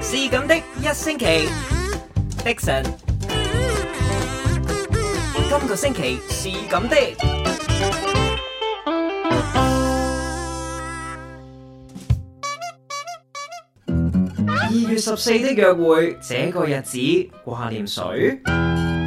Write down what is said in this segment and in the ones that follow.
是咁的一星期，Dixon。D ixon, 今個星期是咁的。二月十四的約會，這個日子掛念誰？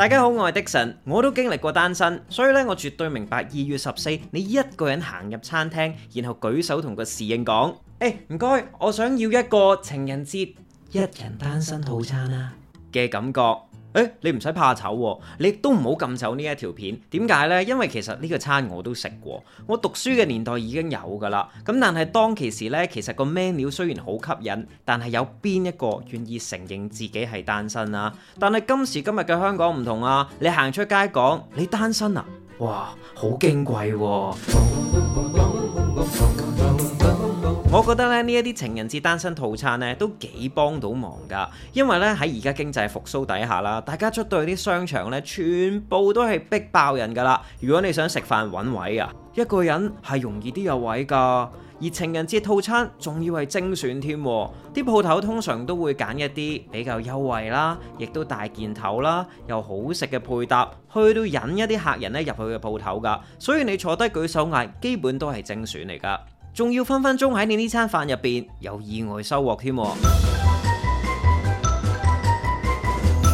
大家好，我係迪燊我都經歷過單身，所以咧我絕對明白二月十四你一個人行入餐廳，然後舉手同個侍應講：誒，唔該，我想要一個情人節一人單身套餐啊！」嘅感覺。誒、欸，你唔使怕醜喎，你都唔好撳走呢一條片。點解呢？因為其實呢個餐我都食過，我讀書嘅年代已經有㗎啦。咁但係當其時呢，其實個 menu 雖然好吸引，但係有邊一個願意承認自己係單身啊？但係今時今日嘅香港唔同啊，你行出街講你單身啊，哇，好矜貴喎，啊！我覺得咧呢一啲情人節單身套餐咧都幾幫到忙噶因為咧喺而家經濟復甦底下啦，大家出到去啲商場咧，全部都係逼爆人噶啦。如果你想食飯搵位啊，一個人係容易啲有位噶，而情人節套餐仲要係精選添，啲鋪頭通常都會揀一啲比較優惠啦，亦都大件頭啦，又好食嘅配搭，去到引一啲客人咧入去嘅鋪頭噶，所以你坐低舉手嗌，基本都係精選嚟噶。仲要分分鐘喺你呢餐飯入邊有意外收穫添。啊，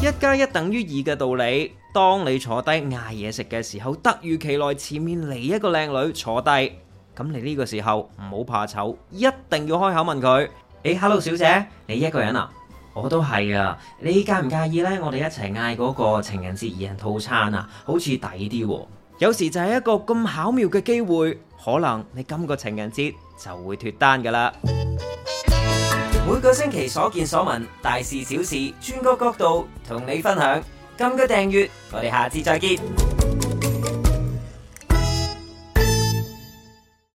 一加一等於二嘅道理。當你坐低嗌嘢食嘅時候，突如其來前面嚟一個靚女坐低，咁你呢個時候唔好怕醜，一定要開口問佢：誒、hey、hello 小姐，你一個人啊？我都係啊，你介唔介意呢？我哋一齊嗌嗰個情人節二人套餐啊，好似抵啲。有時就係一個咁巧妙嘅機會，可能你今個情人節就會脫單㗎喇。每個星期所見所聞，大事小事，轉個角度同你分享。撳個訂閱，我哋下次再見。